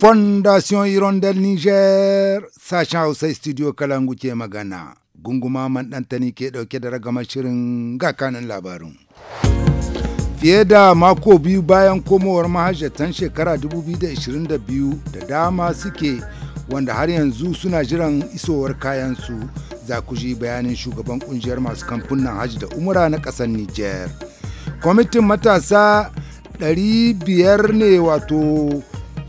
fondation hirondel niger sacha hausa studio kalangu ke magana gunguma man tani, ke ɗauke da ragamar shirin ga kanin labarin fiye da mako biyu bayan komowar mahajjatan shekara 2022 da dama suke wanda har yanzu suna jiran isowar kayansu za ku ji bayanin shugaban kungiyar masu kamfunan hajji da umura na kasar Nijar. Kwamitin matasa 500 ne wato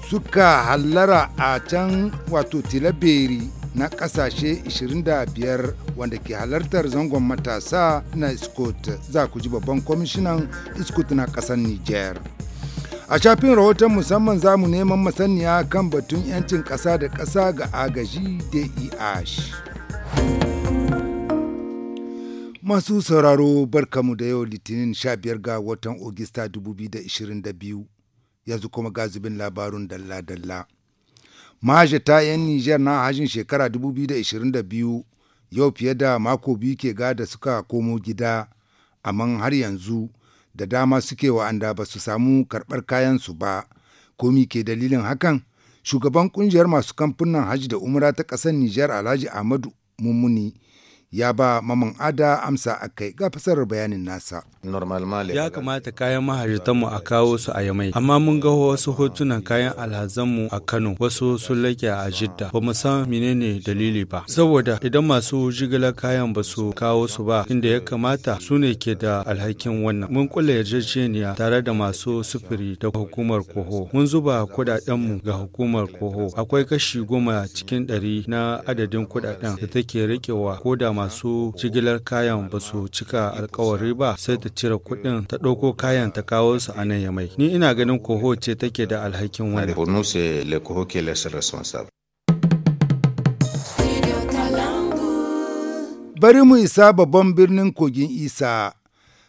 suka hallara a can wato tilaberi na kasashe 25 wanda ke halartar zangon matasa na scott za ku ji babban kwamishinan scott na ƙasar niger a shafin rahoton musamman za mu neman masaniya kan batun 'yancin ƙasa da ƙasa ga agaji deh Masu sauraro barkamu da yau Litinin 15 ga watan Ogista 2022 yanzu kuma ga labarun dalla-dalla. Mahajata 'yan Nijar na hajin shekara 2022 yau fiye da mako biyu ke gada suka komo gida, amma har yanzu da dama suke wa'anda ba su samu karɓar kayansu ba, komi ke dalilin hakan? Shugaban ƙungiyar masu kamfunan hajji da umra ta ƙasar Nijar Alhaji Ahmadu Mummuni ya ba maman ada amsa a kai ga fasar bayanin nasa. Ya kamata kayan mahajjatanmu a kawo su a yamai, amma mun ga wasu hotunan kayan alhazanmu a Kano wasu sun lake a Jidda, ba mu san menene dalili ba. Saboda idan masu jigilar kayan ba su kawo su ba inda ya kamata su ne ke da alhakin wannan. Mun kula yarjejeniya tare da masu sufuri da hukumar koho. Mun zuba kudadenmu ga hukumar koho. Akwai kashi goma cikin ɗari na adadin kudaden da take rikewa ko da masu jigilar kayan ba su cika alkawari ba sai ta cire kuɗin ta ɗauko kayan ta kawo su a nan ya mai ni ina ganin koho ce take da alhakin wani bari mu isa babban birnin kogin isa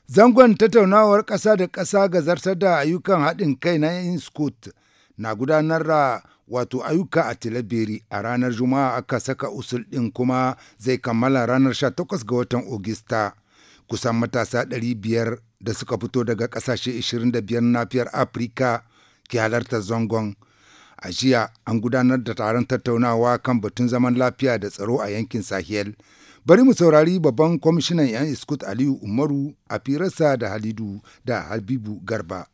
zangon tattaunawar ƙasa da ƙasa ga zartar da ayyukan haɗin kai na inscoot na gudanar da wato ayyuka a tilabiri a ranar juma'a aka saka usul ɗin kuma zai kammala ranar 18 ga watan ogista kusan matasa 500 da suka fito daga ƙasashe 25 nafiyar afirka ke halartar zangon a jiya an gudanar da taron tattaunawa kan batun zaman lafiya da tsaro a yankin sahel bari mu saurari babban kwamishinan 'yan iskut aliyu umaru a firarsa da halidu da habibu garba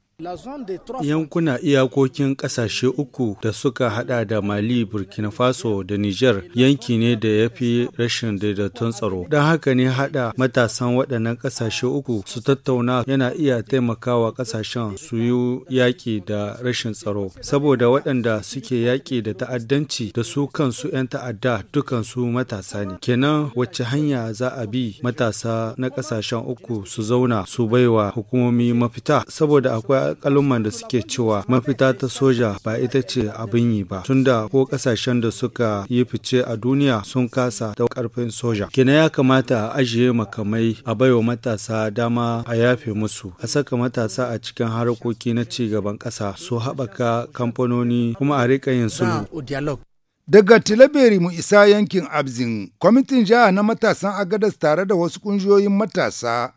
Yankuna iyakokin ƙasashe uku da suka hada da Mali, Burkina Faso da Nijar yanki ne da ya fi rashin daidaiton tsaro. Don haka ne hada matasan waɗannan ƙasashe uku su tattauna yana iya taimakawa ƙasashen su yi yaƙi da rashin tsaro. Saboda waɗanda suke yaƙi da ta'addanci da su kansu 'yan ta'adda dukansu matasa ne. Kenan wacce hanya za a bi matasa na ƙasashen uku su zauna su baiwa hukumomi mafita saboda akwai kalumman da suke cewa mafita ta soja ba ita ce abin yi ba tunda ko kasashen da suka yi fice a duniya sun kasa ta karfin soja kina ya kamata a ajiye makamai a baiwa matasa dama a yafe musu a saka matasa a cikin harkoki na ci gaban ƙasa su haɓaka kamfanoni kuma a riƙa yin sulhu Daga Tilaberi mu isa yankin Abzin, kwamitin jiha na matasan Agadas tare da wasu ƙungiyoyin matasa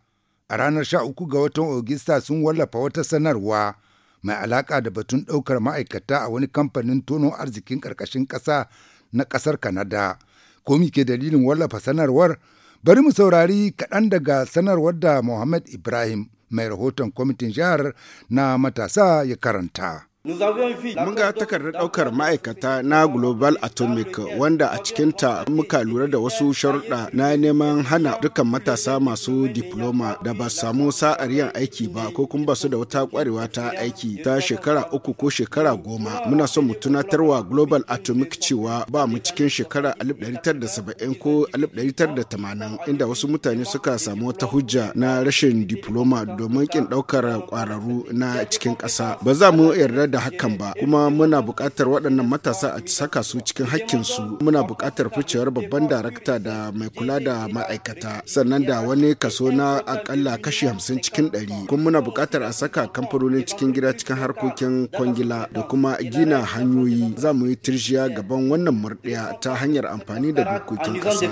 a ranar 13 ga watan Ogista sun wallafa wata sanarwa mai alaƙa da batun ɗaukar ma'aikata a wani kamfanin tono arzikin ƙarƙashin ƙasa na ƙasar Kanada. Ko ke dalilin wallafa sanarwar? Bari mu saurari kaɗan daga sanarwar da Mohammed Ibrahim mai rahoton kwamitin jihar na matasa ya karanta. Mun ga takardar ɗaukar ma'aikata na Global Atomic wanda a cikinta muka lura da wasu sharuɗa na neman hana dukkan matasa masu diploma da ba samu sa'ar yin aiki ba ko kuma ba su da wata ƙwarewa ta aiki ta shekara uku ko shekara goma. Muna son mu tunatarwa Global Atomic cewa ba mu cikin shekara 1970 ko 1980 inda wasu mutane suka samu wata hujja na rashin diploma domin ƙin ɗaukar ƙwararru na cikin ƙasa. Ba za mu yarda da hakan ba kuma muna buƙatar waɗannan matasa a saka su cikin hakkinsu muna buƙatar ficewar babban darakta da mai kula da ma'aikata sannan da wani kaso na akalla kashi hamsin cikin ɗari kuma muna buƙatar a saka kamfanonin cikin gida cikin harkokin kwangila da kuma gina hanyoyi za mu yi tirjiya gaban wannan murɗiya ta hanyar amfani da dokokin ƙasa.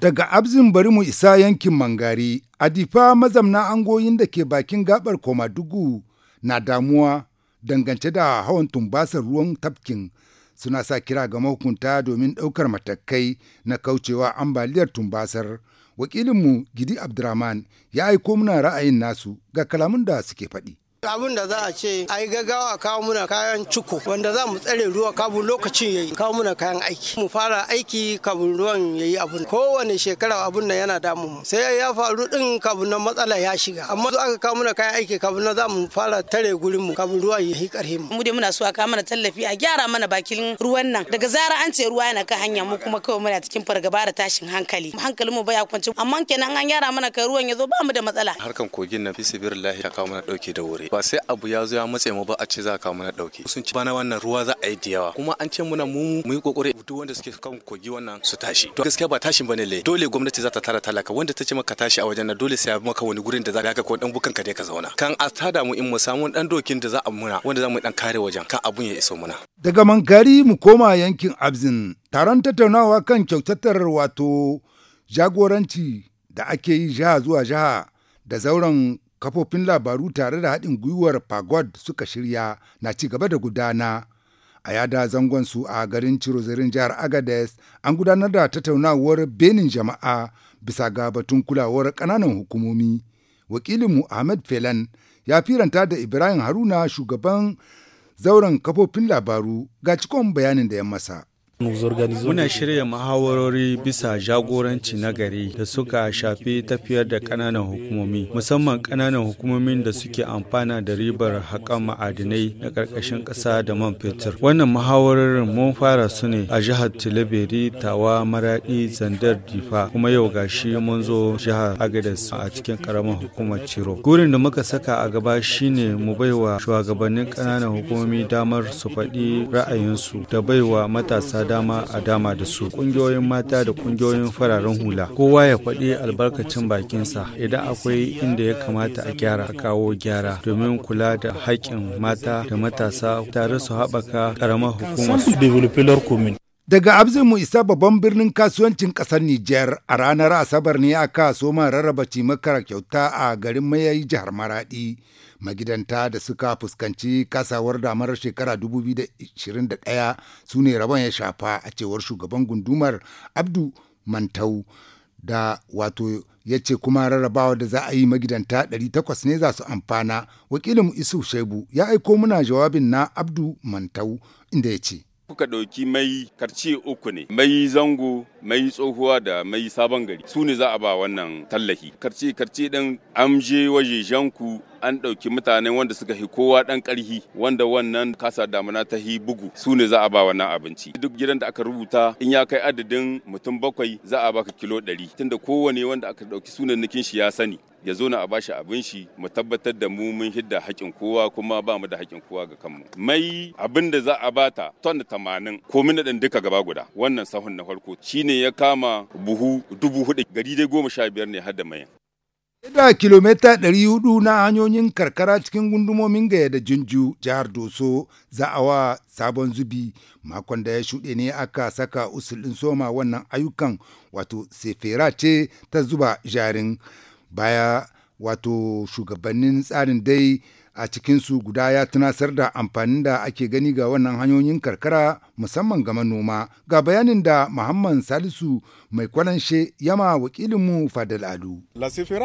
Daga abzin bari mu isa yankin Mangari, Adifa mazamna angoyin da ke bakin gabar Komadugu na damuwa dangance da hawan tumbasar ruwan tafkin suna sa kira ga mahukunta domin ɗaukar matakai na kaucewa ambaliyar tumbasar wakilinmu gidi abdurrahman ya aiko muna ra'ayin nasu ga kalamun da suke faɗi. abin da za a ce a yi gaggawa kawo muna kayan ciko wanda za mu tsare ruwa kabun lokacin yayi kawo muna kayan aiki mu fara aiki kabin ruwan yayi abun kowane shekara abun nan yana damu sai ya faru din kabin nan matsala ya shiga amma zo aka kawo muna kayan aiki kabin nan za mu fara tare gurin mu kabin ruwa yayi karhe mu dai muna so a kawo mana tallafi a gyara mana bakin ruwan nan daga zara an ce ruwa yana kan hanya mu kuma kawai muna cikin fargaba da tashin hankali hankalin mu baya kwanci amma kenan an gyara mana kai ruwan ya zo ba mu da matsala harkan kogin na fi sibirillahi ya kawo mana dauke da wuri ba sai abu ya zo ya matse mu ba a ce za ka mana dauke sun ci bana wannan ruwa za a yi da kuma an ce muna mu mu yi kokari duk wanda suke kan kogi wannan su tashi to gaskiya ba tashin bane le dole gwamnati za ta tara talaka wanda ta ce maka tashi a wajen nan dole sai ya maka wani gurin da za ka ko dan bukan ka dai ka zauna kan a tada mu in mu samu dan dokin da za a muna wanda za mu dan kare wajen kan abun ya iso muna daga mangari mu koma yankin abzin taron tattaunawa kan kyautatar wato jagoranci da ake yi jiha zuwa jiha da zauren kafofin labaru tare da haɗin gwiwar pagod suka shirya na ci gaba da gudana a yada zangon su a garin cirozirin jihar agades an gudanar da tattaunawar benin jama'a bisa ga batun kulawar ƙananan hukumomi wakilinmu ahmed felan ya firanta da ibrahim haruna shugaban zauren kafofin labaru ga cikon bayanin da ya masa Muna shirya muhawarori bisa jagoranci na gari da suka shafi tafiyar da ƙananan hukumomi, musamman ƙananan hukumomin da suke amfana da ribar haƙan ma'adinai na ƙarƙashin ƙasa da man fetur. Wannan muhawarorin mun fara su ne a jihar Tileberi, Tawa, Maraɗi, Zandar, Difa, kuma yau gashi mun zo jihar Agadez a cikin ƙaramin hukumar Ciro. Gurin da muka saka a gaba shine mu baiwa shugabannin ƙananan hukumomi damar su faɗi ra'ayinsu da baiwa matasa dama a dama da su ƙungiyoyin mata da ƙungiyoyin fararen hula kowa ya faɗi albarkacin bakinsa idan akwai inda ya kamata a gyara a kawo gyara domin kula da haƙƙin mata da matasa tare su haɓaka ƙaramar hukumar. Daga mu isa babban birnin kasuwancin ƙasar Nijar a ranar Asabar ne aka soma rarraba cimakar kyauta a garin mayayi jihar Maradi. magidanta da suka fuskanci kasawar damar shekara 2021 su ne rabon ya shafa a cewar shugaban gundumar abdu mantau da wato ya ce kuma rarrabawa da za a yi magidanta 800 ne za su amfana wakilin isu shaibu ya aiko muna jawabin na abdu mantau inda ya ce kuka ɗauki mai karce uku ne mai zango mai tsohuwa da mai sabon gari su ne za a ba wannan tallahi karce karce ɗin amje waje janku an ɗauki mutane wanda suka hi kowa ɗan ƙarhi wanda wannan kasa damuna ta hi bugu su ne za a ba wannan abinci duk gidan da aka rubuta in ya kai adadin mutum bakwai za a baka kilo ɗari tunda kowane wanda aka ɗauki nikin shi ya sani ya zo na a bashi abin shi mu tabbatar da mu mun hidda haƙin kowa kuma ba mu da haƙin kowa ga kanmu mai abin da za a bata ton tamanin ko ɗin duka gaba guda wannan sahun na farko shine ya kama buhu dubu hudu gari dai goma sha biyar ne har da mayan da kilomita 400 na hanyoyin karkara cikin gundumomin gaya da jinju jihar doso za a wa sabon zubi makon da ya shuɗe ne aka saka usulin soma wannan ayyukan wato sefera ce ta zuba jarin baya wato shugabannin tsarin dai a cikinsu guda ya tunasar da amfanin da ake gani ga wannan hanyoyin karkara musamman ga manoma ga bayanin da Muhammad Salisu mai kwalanshe yama wakilinmu Fadal Alu.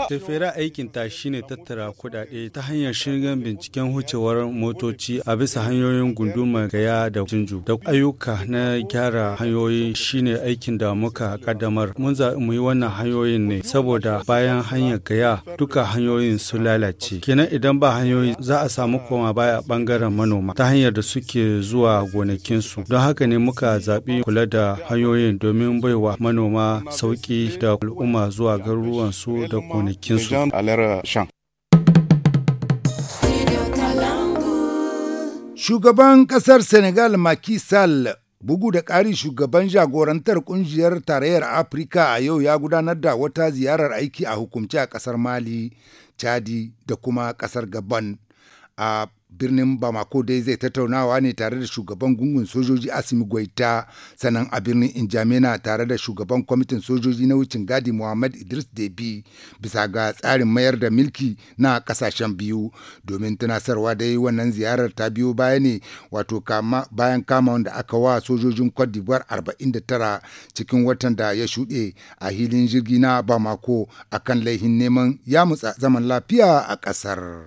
Tafera aikin ta shine tattara kudade ta hanyar shirgan binciken hucewar motoci a bisa hanyoyin gunduma gaya da jinju da ayyuka na gyara hanyoyi shine aikin da muka kaddamar mun zaɓi wannan hanyoyin ne saboda bayan hanyar gaya duka hanyoyin su lalace kenan idan ba hanyoyi za a samu koma baya bangaren manoma ta hanyar da suke zuwa gonakinsu Don haka ne muka zaɓi kula da hanyoyin domin baiwa manoma sauƙi da al'umma zuwa garuruwansu da gonakinsu. Shugaban ƙasar Senegal Macky Sall bugu da ƙari shugaban jagorantar ƙungiyar tarayyar Afirka a yau ya gudanar da wata ziyarar aiki a hukumce a ƙasar Mali, Chadi da kuma ƙasar Gabon. A birnin bamako dai zai tattaunawa ne tare da shugaban gungun sojoji asimi gwaita sannan a birnin injamena tare da shugaban kwamitin sojoji na wucin gadi muhammad idris debi bisa ga tsarin mayar da milki na kasashen biyu domin tunasarwa dai wannan ziyarar ta biyo baya ne wato kama bayan kama wanda aka wa sojojin cote d'ivoire 49 cikin watan da ya shuɗe a hilin jirgi na bamako akan laihin neman yamutsa zaman lafiya a ƙasar.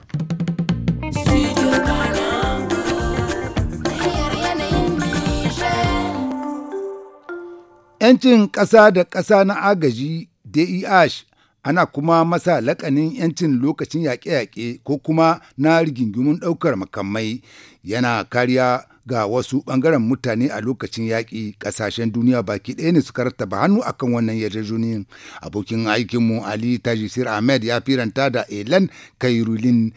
'Yancin ƙasa da ƙasa na agaji DEH ana kuma masa laƙanin 'yancin lokacin yaƙe-yaƙe ko kuma na rigingimun ɗaukar makamai yana kariya ga wasu ɓangaren mutane a lokacin yaƙi ƙasashen duniya baki ɗaya ne suka rattaba hannu akan wannan yarjejeniyar abokin aikinmu ali tajisir ahmed ya firanta da elan kairulin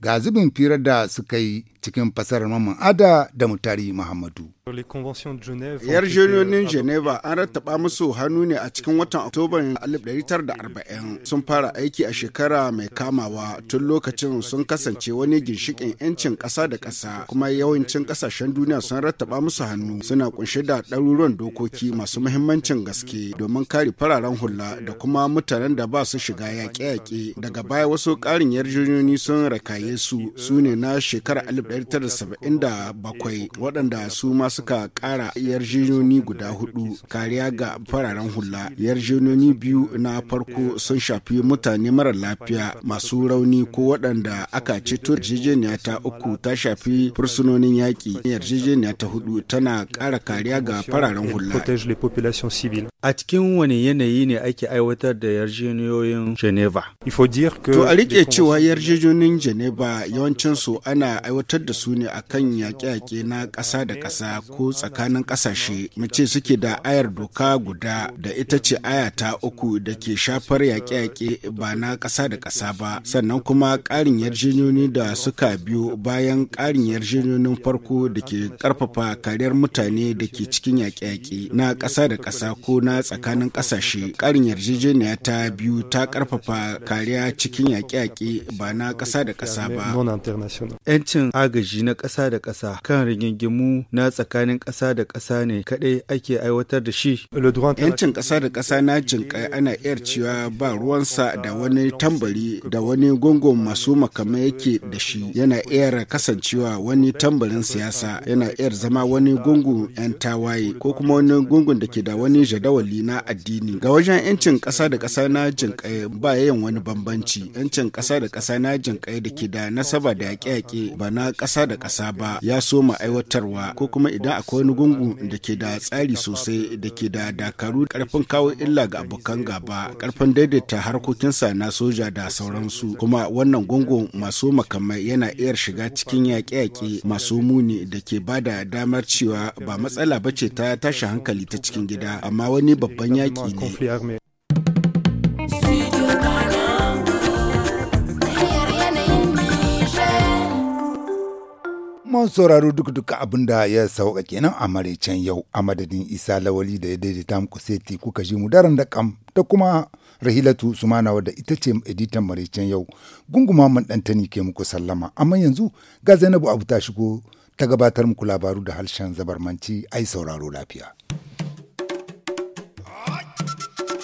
ga zubin firar da suka yi cikin fasarar Mamman Ada da Mutari Muhammadu. yar Yarjejeniyoyin Geneva an rattaba musu hannu ne a cikin watan Oktoban 1940 sun fara aiki a shekara mai kamawa tun lokacin sun kasance wani ginshikin 'yancin kasa da kasa. kuma yawancin kasashen duniya sun rattaba musu hannu suna kunshe da ɗaruruwan dokoki masu muhimmancin gaske domin kare fararen hula da kuma mutanen da ba su shiga yaƙe-yaƙe daga baya wasu ƙarin yarjejeniyoyi sun rakaye su su ne na shekara 1977 waɗanda su ma suka ƙara yarjejoni guda hudu kariya ga fararen hula yarjejoni biyu na farko sun shafi mutane mara lafiya masu rauni ko waɗanda aka ceto yarjejeniya ta uku ta shafi fursunonin yaƙi yarjejeniya ta hudu tana ƙara kariya ga fararen hula a cikin wani yanayi ne ake aiwatar da yarjejeniyoyin geneva to a rike cewa yarjejeniyoyin geneva yawancinsu ana aiwatar ladabtar da su ne a kan yaƙe-yaƙe na ƙasa da ƙasa ko tsakanin ƙasashe mace suke da ayar doka guda da ita ce aya ta uku da ke shafar yaƙe-yaƙe ba na ƙasa da ƙasa ba sannan kuma ƙarin yarjejeniyoyi da suka biyo bayan ƙarin yarjejeniyoyin farko da ke ƙarfafa kariyar mutane da ke cikin yaƙe-yaƙe na ƙasa da ƙasa ko na tsakanin ƙasashe ƙarin yarjejeniya ta biyu ta ƙarfafa kariya cikin yaƙe-yaƙe ba na ƙasa da ƙasa ba. agaji na ƙasa da ƙasa kan rigingimu na tsakanin ƙasa da ƙasa ne kaɗai ake aiwatar da shi. Yancin ƙasa da ƙasa na jinƙai ana iyar cewa ba ruwansa da wani tambari da wani gungun masu makamai yake da shi yana iyar kasancewa wani tambarin siyasa yana iyar zama wani gungun 'yan tawaye ko kuma wani gungun da ke da wani jadawali na addini. Ga wajen yancin ƙasa da ƙasa na jinƙai ba yin wani bambanci. Yancin ƙasa da ƙasa na jinƙai da ke da nasaba da yaƙe-yaƙe ba na ƙasa da ƙasa ba ya so ma aiwatarwa ko kuma idan akwai wani gungu da ke da tsari sosai da ke da dakaru karfin kawo illa ga abokan gaba karfin daidaita harkokinsa na soja da sauransu kuma wannan gungu masu makamai yana iya shiga cikin yaƙe-yaƙe masu muni da ke ba da damar cewa ba matsala ba ce ta tashi hankali ta cikin gida amma wani babban yaƙi ne masu sauraro duk duka abin da ya sauka kenan a maraicen yau a madadin isa lawali da ya daidaita muku seti kuka ji mu daren da kam da kuma rahilatu sumana wadda ita ce editan maraicen yau gunguma man dantani ke muku sallama amma yanzu ga zainabu abu ta shigo ta gabatar muku labaru da harshen zabarmanci ai sauraro lafiya.